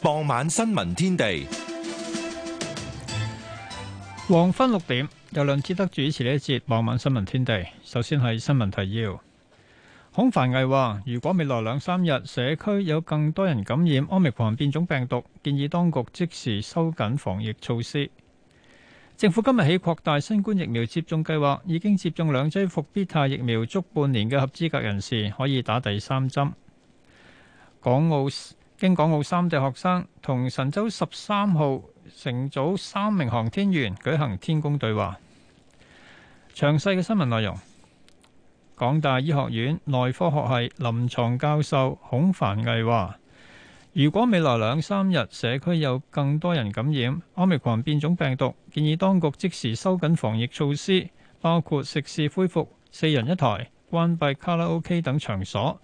傍晚新聞天地，黃昏六點由梁志德主持呢一節傍晚新聞天地。首先係新聞提要。孔繁毅話：如果未來兩三日社區有更多人感染奧密克戎變種病毒，建議當局即時收緊防疫措施。政府今日起擴大新冠疫苗接種計劃，已經接種兩劑復必泰疫苗足半年嘅合資格人士可以打第三針。港澳。經港澳三地學生同神舟十三號乘組三名航天員舉行天宮對話。詳細嘅新聞內容，港大醫學院內科學系臨床教授孔凡毅話，如果未來兩三日社區有更多人感染奧密克戎變種病毒，建議當局即時收緊防疫措施，包括食肆恢復四人一台、關閉卡拉 OK 等場所。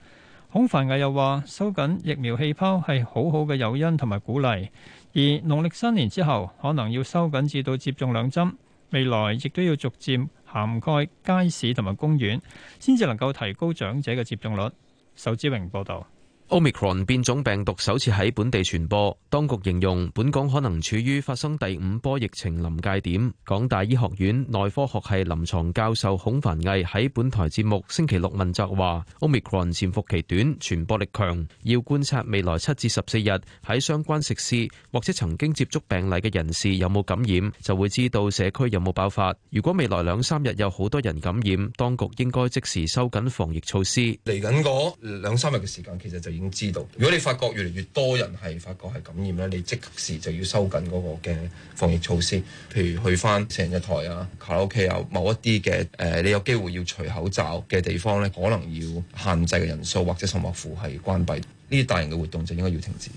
孔凡毅又話：收緊疫苗氣泡係好好嘅誘因同埋鼓勵，而農曆新年之後可能要收緊至到接種兩針，未來亦都要逐漸涵蓋街市同埋公園，先至能夠提高長者嘅接種率。仇志榮報道。Omicron 變種病毒首次喺本地傳播，當局形容本港可能處於發生第五波疫情臨界點。港大醫學院內科學系臨牀教授孔凡毅喺本台節目星期六問責話：Omicron 潛伏期短、傳播力強，要觀察未來七至十四日喺相關食肆或者曾經接觸病例嘅人士有冇感染，就會知道社區有冇爆發。如果未來兩三日有好多人感染，當局應該即時收緊防疫措施。嚟緊嗰兩三日嘅時間，其實就已經知道，如果你發覺越嚟越多人係發覺係感染咧，你即時就要收緊嗰個嘅防疫措施，譬如去返成日台啊、卡拉 OK 啊、某一啲嘅誒，你有機會要除口罩嘅地方咧，可能要限制嘅人數，或者甚至乎係關閉呢啲大型嘅活動，就應該要停止。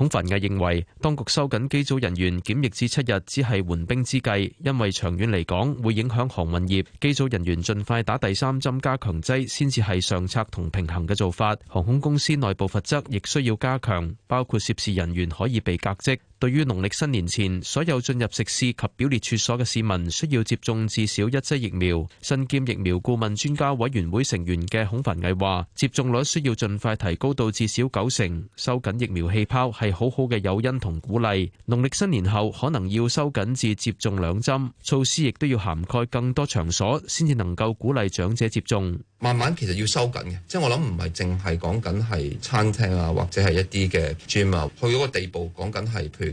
孔繁毅認為，當局收緊機組人員檢疫至七日，只係緩兵之計，因為長遠嚟講會影響航運業。機組人員盡快打第三針加強劑，先至係上策同平衡嘅做法。航空公司內部罰則亦需要加強，包括涉事人員可以被革職。.對於農曆新年前，所有進入食肆及表列處所嘅市民需要接種至少一劑疫苗，身兼疫苗顧問專家委員會成員嘅孔凡毅話，接種率需要盡快提高到至少九成，收緊疫苗氣泡係好好嘅誘因同鼓勵，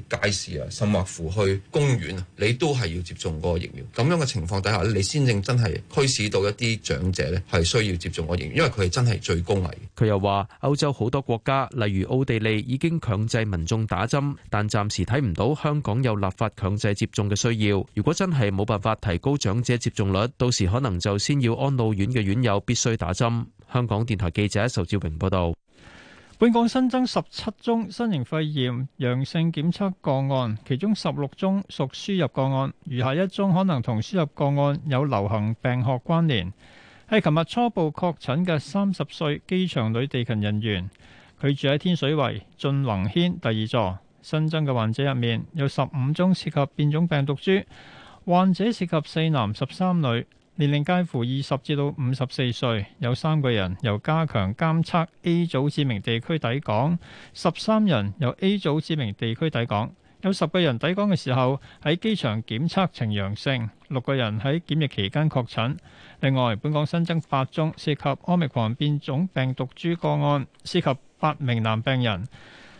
街市啊，甚或乎去公園啊，你都係要接種嗰個疫苗。咁樣嘅情況底下咧，你先正真係驅使到一啲長者咧，係需要接種個疫苗，因為佢係真係最高危。佢又話，歐洲好多國家，例如奧地利已經強制民眾打針，但暫時睇唔到香港有立法強制接種嘅需要。如果真係冇辦法提高長者接種率，到時可能就先要安老院嘅院友必須打針。香港電台記者仇志榮報道。本港新增十七宗新型肺炎陽性檢測個案，其中十六宗屬輸入個案，餘下一宗可能同輸入個案有流行病學關聯。係琴日初步確診嘅三十歲機場女地勤人員，佢住喺天水圍俊宏軒第二座。新增嘅患者入面有十五宗涉及變種病毒株，患者涉及四男十三女。年齡介乎二十至到五十四歲，有三個人由加強監測 A 組指明地區抵港，十三人由 A 組指明地區抵港，有十個人抵港嘅時候喺機場檢測呈陽性，六個人喺檢疫期間確診。另外，本港新增八宗涉及奧密克戎變種病毒株個案，涉及八名男病人。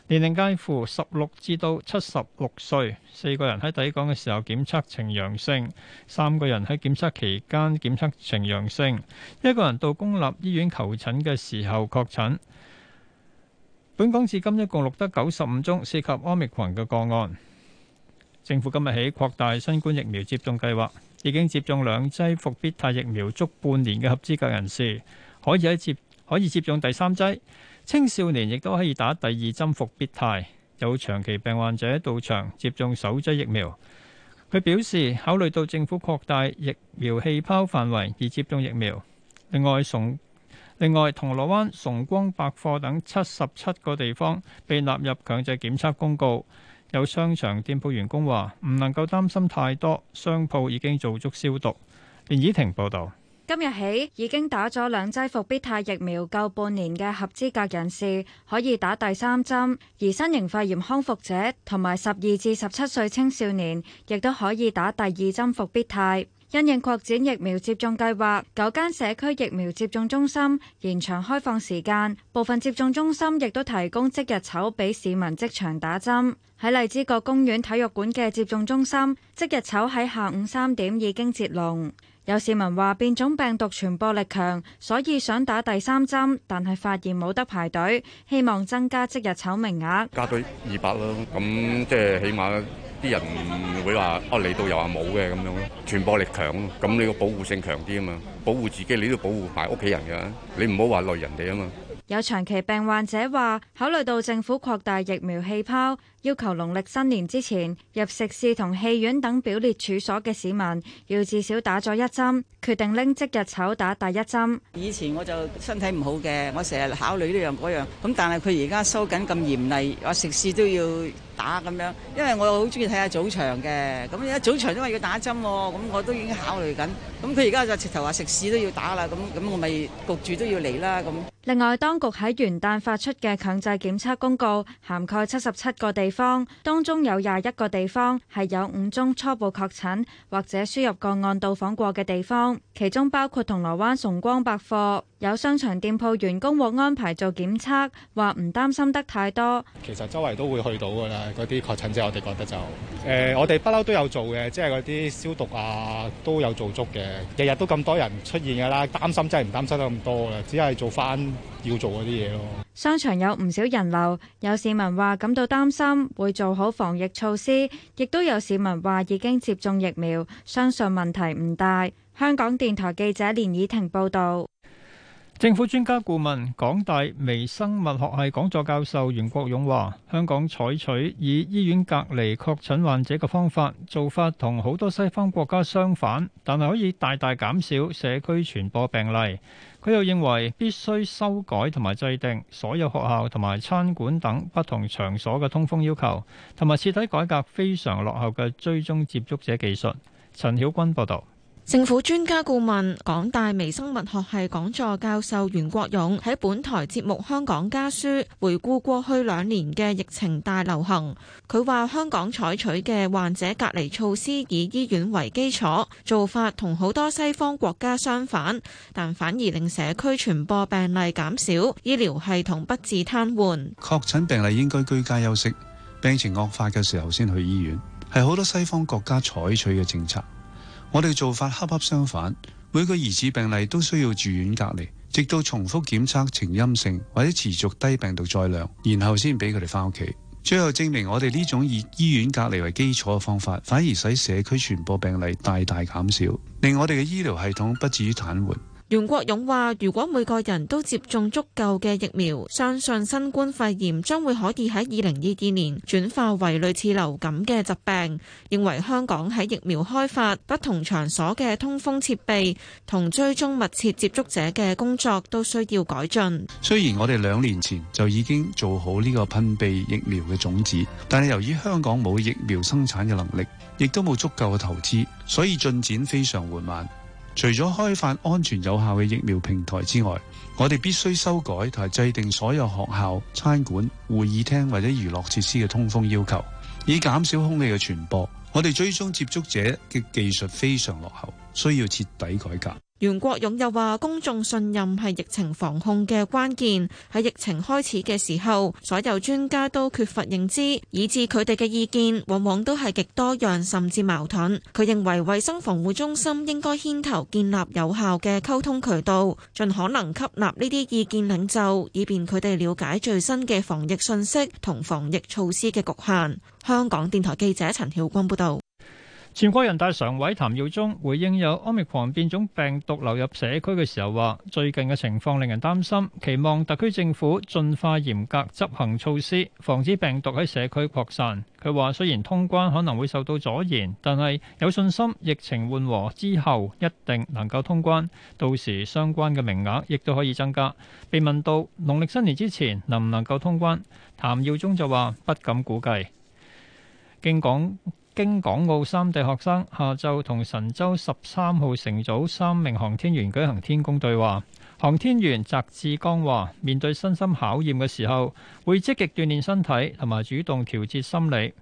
年齡介乎十六至到七十六歲，四個人喺抵港嘅時候檢測呈陽性，三個人喺檢測期間檢測呈陽性，一個人到公立醫院求診嘅時候確診。本港至今一共錄得九十五宗涉及奧密克戎嘅個案。政府今日起擴大新冠疫苗接種計劃，已經接種兩劑復必泰疫苗足半年嘅合資格人士，可以喺接可以接種第三劑。青少年亦都可以打第二針復必泰。有長期病患者到場接種首劑疫苗。佢表示考慮到政府擴大疫苗氣泡範圍而接種疫苗。另外崇另外銅鑼灣崇光百貨等七十七個地方被納入強制檢測公告。有商場店鋪員工話唔能夠擔心太多，商鋪已經做足消毒。連倚婷報道。今日起，已經打咗兩劑復必泰疫苗夠半年嘅合資格人士可以打第三針，而新型肺炎康復者同埋十二至十七歲青少年亦都可以打第二針復必泰。因應擴展疫苗接種計劃，九間社區疫苗接種中心延長開放時間，部分接種中心亦都提供即日籌俾市民即場打針，喺荔枝角公園體育館嘅接種中心，即日籌喺下午三點已經截龍。有市民話變種病毒傳播力強，所以想打第三針，但係發現冇得排隊，希望增加即日籌名額，加多二百咯。咁即係起碼啲人唔會話，哦，嚟到有話冇嘅咁樣咯。傳播力強，咁你個保護性強啲啊嘛，保護自己你都保護埋屋企人㗎，你唔好話累人哋啊嘛。有長期病患者話，考慮到政府擴大疫苗氣泡。要求農曆新年之前入食肆同戲院等表列處所嘅市民，要至少打咗一針。決定拎即日籌打第一針。以前我就身體唔好嘅，我成日考慮呢樣嗰樣。咁但係佢而家收緊咁嚴厲，話食肆都要打咁樣。因為我好中意睇下早場嘅，咁而家早場因為要打針，啊，咁我都已經考慮緊。咁佢而家就直頭話食肆都要打啦，咁咁我咪焗住都要嚟啦。咁另外，當局喺元旦發出嘅強制檢測公告，涵蓋七十七個地。地方當中有廿一個地方係有五宗初步確診或者輸入個案到訪過嘅地方，其中包括銅鑼灣崇光百貨，有商場店鋪員工獲安排做檢測，話唔擔心得太多。其實周圍都會去到噶啦，嗰啲確診者我哋覺得就誒、呃，我哋不嬲都有做嘅，即係嗰啲消毒啊都有做足嘅，日日都咁多人出現噶啦，擔心真係唔擔心得咁多啦，只係做翻。要做嗰啲嘢咯。商場有唔少人流，有市民話感到擔心，會做好防疫措施，亦都有市民話已經接種疫苗，相信問題唔大。香港電台記者連倚婷報道。政府專家顧問港大微生物學系講座教授袁國勇話，香港採取以醫院隔離確診患者嘅方法，做法同好多西方國家相反，但係可以大大減少社區傳播病例。佢又認為必須修改同埋制定所有學校同埋餐館等不同場所嘅通風要求，同埋徹底改革非常落後嘅追蹤接觸者技術。陳曉君報導。政府專家顧問、港大微生物學系講座教授袁國勇喺本台節目《香港家書》回顧過去兩年嘅疫情大流行。佢話：香港採取嘅患者隔離措施以醫院為基礎，做法同好多西方國家相反，但反而令社區傳播病例減少，醫療系統不致癱瘓。確診病例應該居家休息，病情惡化嘅時候先去醫院，係好多西方國家採取嘅政策。我哋做法恰恰相反，每個疑似病例都需要住院隔離，直到重複檢測呈陰性或者持續低病毒載量，然後先俾佢哋返屋企。最後證明我哋呢種以醫院隔離為基礎嘅方法，反而使社區傳播病例大大減少，令我哋嘅醫療系統不至於癱瘓。袁國勇話：如果每個人都接種足夠嘅疫苗，相信新冠肺炎將會可以喺二零二二年轉化為類似流感嘅疾病。認為香港喺疫苗開發、不同場所嘅通風設備同追蹤密切接觸者嘅工作都需要改進。雖然我哋兩年前就已經做好呢個噴鼻疫苗嘅種子，但係由於香港冇疫苗生產嘅能力，亦都冇足夠嘅投資，所以進展非常緩慢。除咗開發安全有效嘅疫苗平台之外，我哋必須修改同制定所有學校、餐館、會議廳或者娛樂設施嘅通風要求，以減少空氣嘅傳播。我哋追蹤接觸者嘅技術非常落後，需要徹底改革。袁國勇又話，公眾信任係疫情防控嘅關鍵，喺疫情開始嘅時候，所有專家都缺乏認知，以致佢哋嘅意見往往都係極多樣甚至矛盾。佢認為，衛生防護中心應該牽頭建立有效嘅溝通渠道，盡可能吸納呢啲意見領袖，以便佢哋了解最新嘅防疫信息同防疫措施嘅局限。香港電台記者陳曉光報道。全國人大常委譚耀宗回應有奧密克戎變種病毒流入社區嘅時候，話最近嘅情況令人擔心，期望特區政府盡快嚴格執行措施，防止病毒喺社區擴散。佢話雖然通關可能會受到阻延，但係有信心疫情緩和之後一定能夠通關，到時相關嘅名額亦都可以增加。被問到農曆新年之前能唔能夠通關，譚耀宗就話不敢估計。經講。京港澳三地學生下晝同神舟十三號乘組三名航天員舉行天宮對話。航天員翟志剛話：面對身心考驗嘅時候，會積極鍛煉身體，同埋主動調節心理。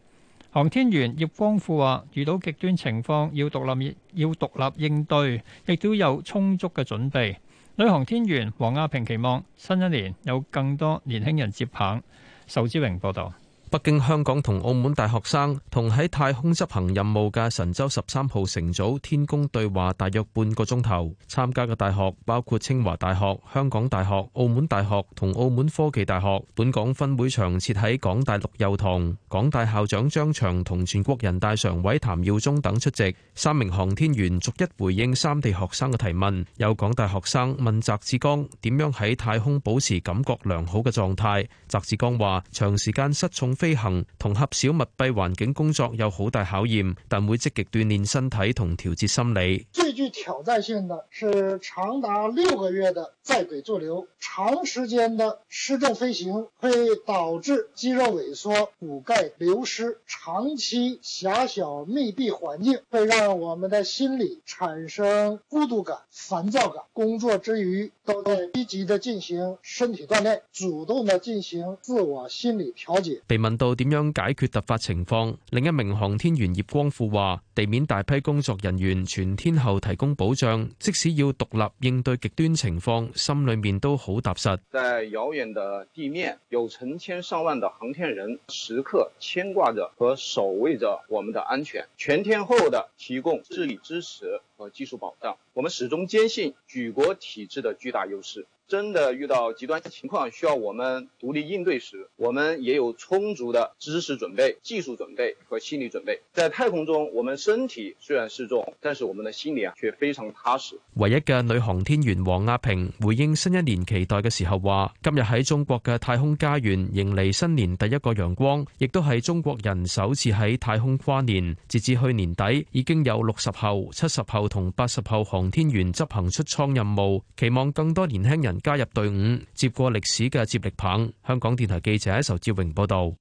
航天員葉光富話：遇到極端情況要獨立，要獨立應對，亦都有充足嘅準備。女航天員王亞平期望新一年有更多年輕人接棒。仇志榮報道。北京、香港同澳門大學生同喺太空執行任務嘅神舟十三號乘組天宮對話大約半個鐘頭。參加嘅大學包括清華大學、香港大學、澳門大學同澳門科技大學。本港分會場設喺港大陸佑堂，港大校長張翔同全國人大常委譚耀宗等出席。三名航天員逐一回應三地學生嘅提問。有港大學生問翟志剛點樣喺太空保持感覺良好嘅狀態，翟志剛話長時間失重飛。飛行同狹小密閉環境工作有好大考驗，但會積極鍛煉身體同調節心理。最具挑戰性的是長達六個月的在軌駐留，長時間的失重飛行會導致肌肉萎縮、骨鈣流失。長期狹小密閉環境會讓我們的心理產生孤獨感、煩躁感。工作之餘都在積極的進行身體鍛煉，主動的進行自我心理調節。問到點樣解決突發情況，另一名航天員葉光富話：地面大批工作人員全天候提供保障，即使要獨立應對極端情況，心裏面都好踏實。在遙遠的地面，有成千上萬的航天人時刻牽掛着和守衛着我們的安全，全天候的提供智力支持和技術保障。我們始終堅信舉國體制的巨大優勢。真的遇到極端情況需要我們獨立應對時，我們也有充足的知識準備、技術準備和心理準備。在太空中，我們身體雖然失重，但是我們的心理啊卻非常踏實。唯一嘅女航天員王亞平回應新一年期待嘅時候話：今日喺中國嘅太空家園迎嚟新年第一個陽光，亦都係中國人首次喺太空跨年。截至去年底，已經有六十後、七十後同八十後航天員執行出艙任務，期望更多年輕人，加入隊伍，接過歷史嘅接力棒。香港電台記者仇志榮報道：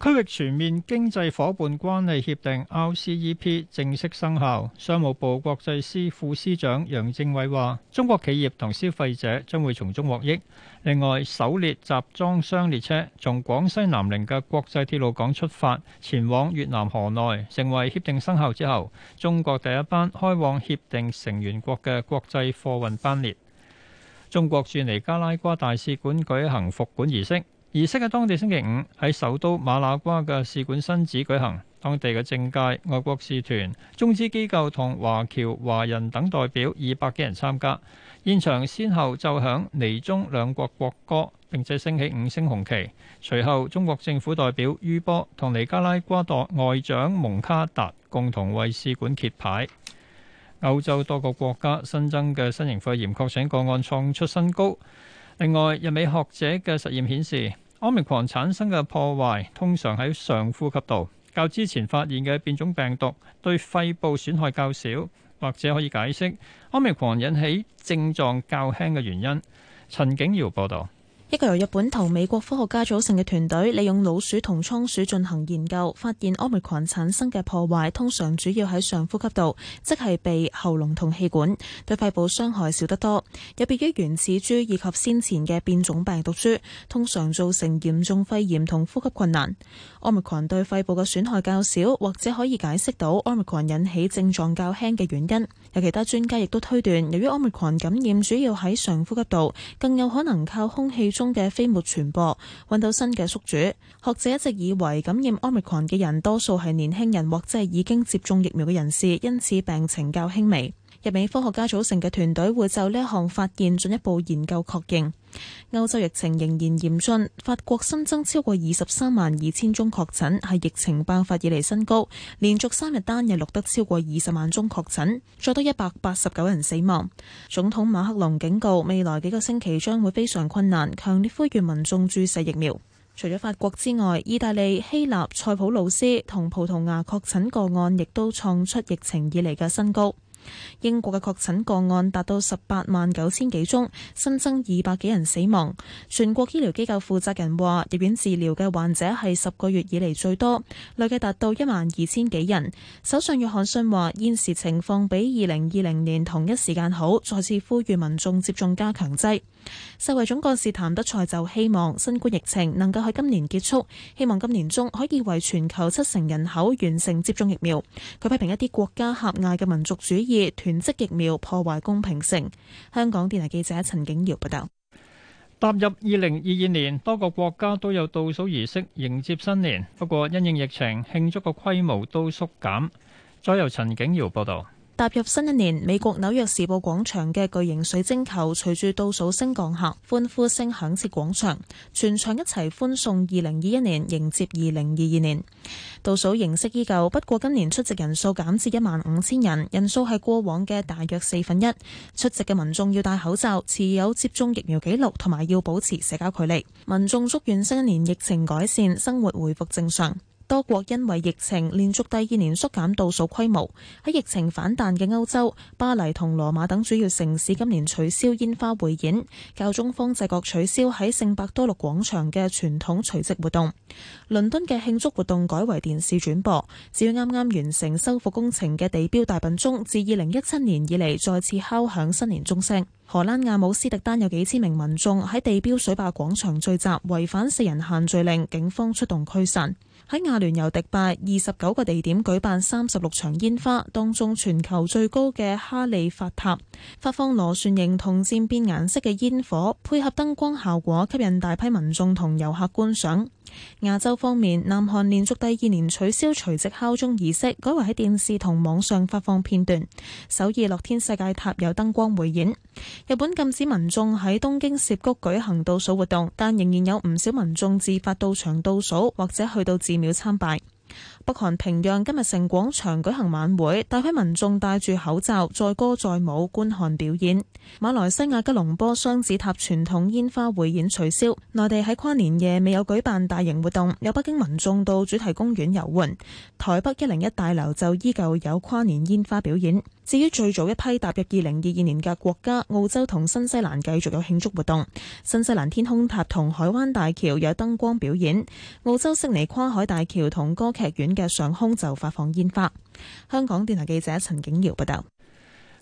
區域全面經濟伙伴關係協定 （RCEP） 正式生效。商務部國際司副司長楊正偉話中國企業同消費者將會從中獲益。另外，首列集裝箱列車從廣西南寧嘅國際鐵路港出發前往越南河內成為協定生效之後中國第一班開往協定成員國嘅國際貨運班列。中國駐尼加拉瓜大使館舉行復館儀式，儀式喺當地星期五喺首都馬那瓜嘅使館新址舉行，當地嘅政界、外國使團、中資機構同華僑華人等代表二百幾人參加。現場先後奏響尼中兩國國歌，並且升起五星紅旗。隨後，中國政府代表于波同尼加拉瓜代外長蒙卡達共同為使館揭牌。歐洲多個國家新增嘅新型肺炎確診個案創出新高。另外，日美學者嘅實驗顯示，Omicron 產生嘅破壞通常喺上呼吸道，較之前發現嘅變種病毒對肺部損害較少，或者可以解釋 Omicron 引起症狀較輕嘅原因。陳景堯報道。一個由日本同美國科學家組成嘅團隊，利用老鼠同倉鼠進行研究，發現 Omicron 產生嘅破壞通常主要喺上呼吸道，即係鼻、喉嚨同氣管，對肺部傷害少得多。有別於原始株以及先前嘅變種病毒株，通常造成嚴重肺炎同呼吸困難。Omicron 對肺部嘅損害較少，或者可以解釋到 Omicron 引起症狀較輕嘅原因。有其他專家亦都推斷，由於 Omicron 感染主要喺上呼吸道，更有可能靠空氣中嘅飛沫傳播，揾到新嘅宿主。學者一直以為感染 Omicron 嘅人多數係年輕人或者已經接種疫苗嘅人士，因此病情較輕微。日美科學家組成嘅團隊會就呢一項發現進一步研究確認。歐洲疫情仍然嚴峻，法國新增超過二十三萬二千宗確診，係疫情爆發以嚟新高，連續三日單日錄得超過二十萬宗確診，再多一百八十九人死亡。總統馬克龍警告，未來幾個星期將會非常困難，強烈呼籲民眾注射疫苗。除咗法國之外，意大利、希臘、塞浦路斯同葡萄牙確診個案亦都創出疫情以嚟嘅新高。英國嘅確診個案達到十八萬九千幾宗，新增二百幾人死亡。全國醫療機構負責人話，入院治療嘅患者係十個月以嚟最多，累計達到一萬二千幾人。首相約翰遜話，現時情況比二零二零年同一時間好，再次呼籲民眾接種加強劑。世衛總幹事譚德塞就希望新冠疫情能夠喺今年結束，希望今年中可以為全球七成人口完成接種疫苗。佢批評一啲國家狹隘嘅民族主義囤積疫苗，破壞公平性。香港電台記者陳景堯報道。踏入二零二二年，多個國家都有倒數儀式迎接新年，不過因應疫情，慶祝嘅規模都縮減。再由陳景堯報道。踏入新一年，美國紐約時報廣場嘅巨型水晶球隨住倒數聲降下，歡呼聲響徹廣場，全場一齊歡送2021年，迎接2022年。倒數形式依舊，不過今年出席人數減至1萬5千人，人數係過往嘅大約四分一。出席嘅民眾要戴口罩、持有接種疫苗記錄，同埋要保持社交距離。民眾祝願新一年疫情改善，生活回復正常。多國因為疫情，連續第二年縮減倒數規模。喺疫情反彈嘅歐洲，巴黎同羅馬等主要城市今年取消煙花匯演，教宗方濟各取消喺聖伯多禄廣場嘅傳統除夕活動。倫敦嘅慶祝活動改為電視轉播。只要啱啱完成修復工程嘅地標大笨鐘，自二零一七年以嚟再次敲響新年鐘聲。荷蘭阿姆斯特丹有幾千名民眾喺地標水壩廣場聚集，違反四人限聚令，警方出動驅散。喺亞聯酋迪拜二十九個地點舉辦三十六場煙花，當中全球最高嘅哈利法塔發放螺旋形同漸變顏色嘅煙火，配合燈光效果，吸引大批民眾同遊客觀賞。亞洲方面，南韓連續第二年取消除夕敲鐘儀式，改為喺電視同網上發放片段。首爾樂天世界塔有燈光匯演。日本禁止民眾喺東京澀谷舉行倒數活動，但仍然有唔少民眾自發到場倒數，或者去到寺廟參拜。北韓平壤今日城廣場舉行晚會，大批民眾戴住口罩，載歌載舞觀看表演。馬來西亞吉隆坡雙子塔傳統煙花匯演取消。內地喺跨年夜未有舉辦大型活動，有北京民眾到主題公園遊玩。台北一零一大樓就依舊有跨年煙花表演。至於最早一批踏入二零二二年嘅國家，澳洲同新西蘭繼續有慶祝活動。新西蘭天空塔同海灣大橋有燈光表演。澳洲悉尼跨海大橋同歌劇院。嘅上空就發放煙花。香港電台記者陳景瑤報道。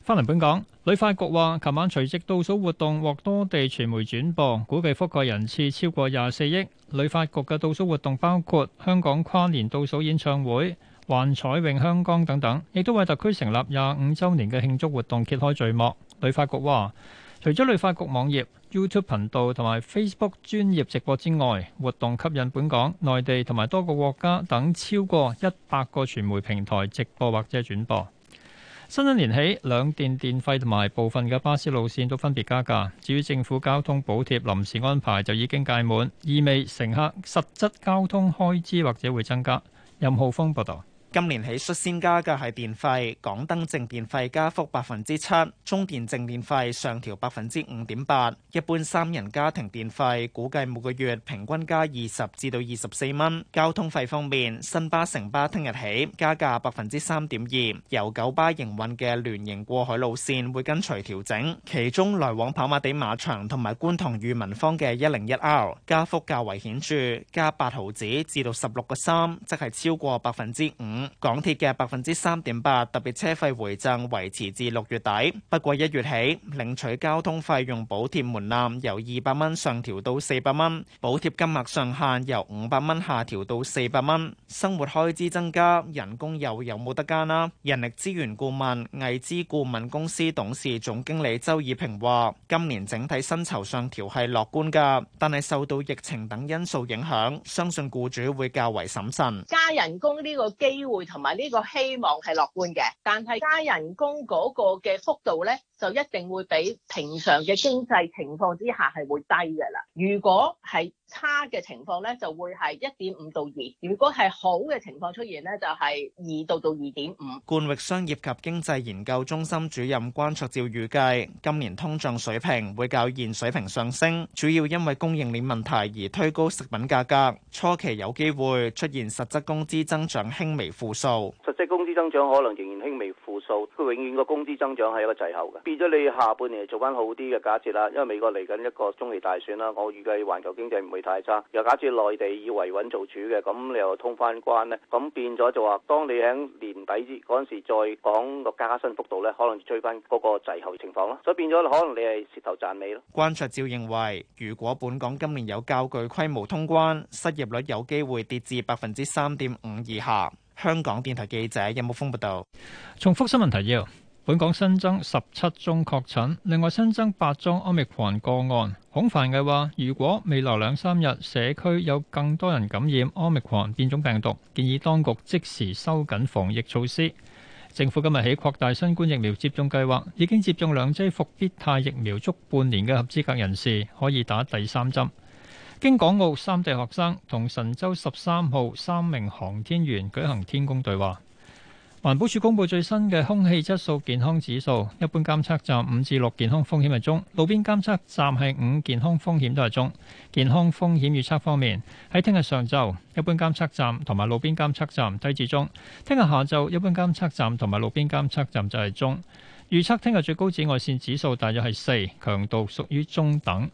翻嚟本港，旅發局話，琴晚除夕倒數活動獲多地傳媒轉播，估計覆蓋人次超過廿四億。旅發局嘅倒數活動包括香港跨年倒數演唱會、幻彩詠香江等等，亦都為特區成立廿五周年嘅慶祝活動揭開序幕。旅發局話。除咗旅發局網頁、YouTube 頻道同埋 Facebook 專業直播之外，活動吸引本港、內地同埋多個國家等超過一百個傳媒平台直播或者轉播。新一年起，兩電電費同埋部分嘅巴士路線都分別加價。至於政府交通補貼臨時安排就已經屆滿，意味乘客實質交通開支或者會增加。任浩峰報導。今年起率先加嘅係電費，港燈淨電費加幅百分之七，中電淨電費上調百分之五點八。一般三人家庭電費估計每個月平均加二十至到二十四蚊。交通費方面，新巴、城巴聽日起加價百分之三點二，由九巴營運嘅聯營過海路線會跟隨調整，其中來往跑馬地馬場同埋觀塘裕民坊嘅一零一 R 加幅較為顯著，加八毫子至到十六個三，即係超過百分之五。港鐵嘅百分之三點八特別車費回贈維持至六月底，不過一月起領取交通費用補貼門檻由二百蚊上調到四百蚊，補貼金額上限由五百蚊下調到四百蚊。生活開支增加，人工又有冇得加啦？人力資源顧問、外資顧問公司董事總經理周以平話：今年整體薪酬上調係樂觀噶，但係受到疫情等因素影響，相信僱主會較為審慎。加人工呢個機會？同埋呢個希望係樂觀嘅，但係加人工嗰個嘅幅度咧。就一定會比平常嘅經濟情況之下係會低嘅啦。如果係差嘅情況咧，就會係一點五到二；如果係好嘅情況出現咧，就係二到到二點五。冠域商業及經濟研究中心主任關焯照預計，今年通脹水平會較現水平上升，主要因為供應鏈問題而推高食品價格。初期有機會出現實質工資增長輕微負數，實質工資增長可能仍然輕微負數。佢永遠個工資增長係一個滯後嘅。變咗你下半年做翻好啲嘅假設啦，因為美國嚟緊一個中期大選啦，我預計環球經濟唔會太差。又假設內地以維穩做主嘅，咁你又通翻關呢？咁變咗就話，當你喺年底嗰陣時再講個加息幅度呢，可能要追翻嗰個滯後情況咯。所以變咗可能你係蝕頭賺尾咯。關卓照認為，如果本港今年有較具規模通關，失業率有機會跌至百分之三點五以下。香港電台記者任木峰報道。重複新聞提要。本港新增十七宗確診，另外新增八宗奧密克戎個案。孔繁毅話，如果未來兩三日社區有更多人感染奧密克戎變種病毒，建議當局即時收緊防疫措施。政府今日起擴大新冠疫苗接種計劃，已經接種兩劑復必泰疫苗足半年嘅合資格人士可以打第三針。經港澳三地學生同神舟十三號三名航天員舉行天宮對話。環保署公布最新嘅空氣質素健康指數，一般監測站五至六健康風險係中，路邊監測站係五健康風險都係中。健康風險預測方面，喺聽日上晝，一般監測站同埋路邊監測站低至中；聽日下晝，一般監測站同埋路邊監測站就係中。預測聽日最高紫外線指數大約係四，強度屬於中等。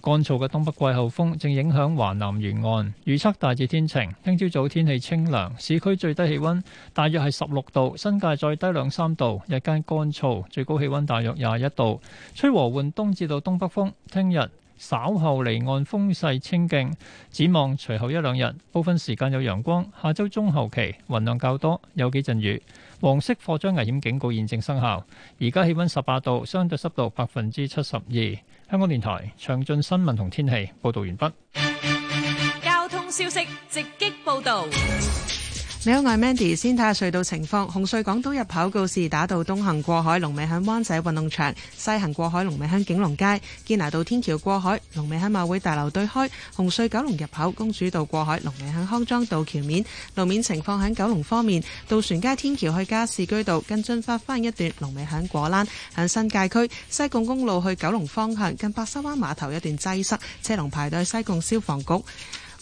乾燥嘅東北季候風正影響華南沿岸，預測大致天晴。聽朝早天氣清涼，市區最低氣温大約係十六度，新界再低兩三度。日間乾燥，最高氣温大約廿一度。吹和緩東至到東北風。聽日稍後離岸風勢清勁，展望隨後一兩日部分時間有陽光。下周中後期雲量較多，有幾陣雨。黃色火災危險警告現正生效。而家氣温十八度，相對濕度百分之七十二。香港電台詳盡新聞同天氣報道完畢。交通消息直擊報道。你好，我係 Mandy，先睇下隧道情況。紅隧港島入口告示打道東行過海，龍尾喺灣仔運動場；西行過海，龍尾喺景隆街。堅拿道天橋過海，龍尾喺馬會大樓對開。紅隧九龍入口，公主道過海，龍尾向康莊道橋面。路面情況喺九龍方面，渡船街天橋去加士居道近駿發花園一段龍在果，龍尾喺果欄。喺新界區，西貢公路去九龍方向近白沙灣碼頭一段擠塞，車龍排隊西貢消防局。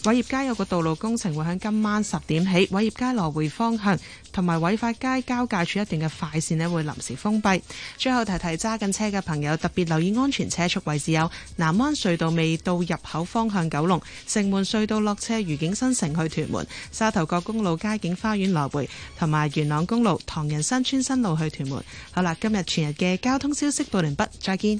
偉業街有個道路工程會喺今晚十點起，偉業街來回方向同埋偉發街交界處一段嘅快線呢會臨時封閉。最後提提揸緊車嘅朋友，特別留意安全車速位置，有南灣隧道未到入口方向九龍、城門隧道落車愉景新城去屯門、沙頭角公路街景花園來回同埋元朗公路唐人新村新路去屯門。好啦，今日全日嘅交通消息到零畢，再見。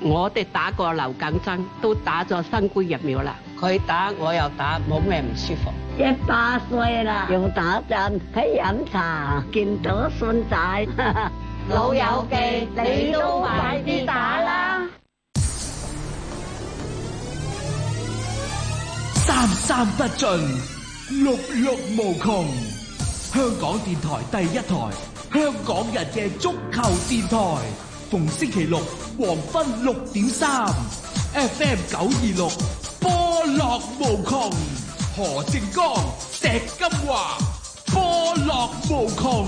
我哋打過流感針，都打咗新冠疫苗啦。佢打，我又打，冇咩唔舒服。一百歲啦，又打針，喺飲茶，見到孫仔，老友記，你都快啲打啦！三三不盡，六六無窮，香港電台第一台，香港人嘅足球電台。逢星期六黃昏六點三，FM 九二六，波樂無窮。何正剛、石金華，波樂無窮。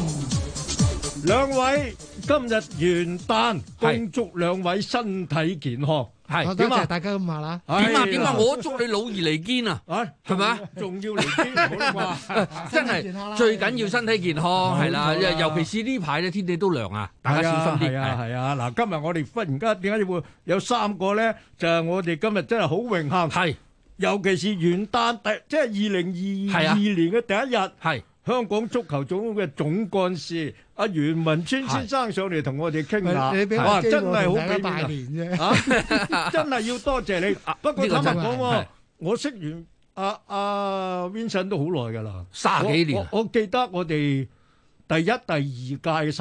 兩位今日元旦，恭祝兩位身體健康。係，多謝大家咁話啦。點啊點啊，我祝你老而彌堅啊，係咪啊？仲要嚟堅，真係。最緊要身體健康，係啦。尤其是呢排咧，天氣都涼啊，大家小心啲。係啊，係啊，嗱，今日我哋忽然間點解會有三個咧？就係我哋今日真係好榮幸。係，尤其是元旦第即係二零二二年嘅第一日。係。香港足球總會嘅總幹事阿袁文川先生上嚟同我哋傾下，真係好幾拜年啫，啊，真係要多謝，謝你， 啊。不過坦白講，這個，我，我識完阿阿 Vincent 都好耐㗎啦，卅幾年我我。我記得我哋第一，第二屆。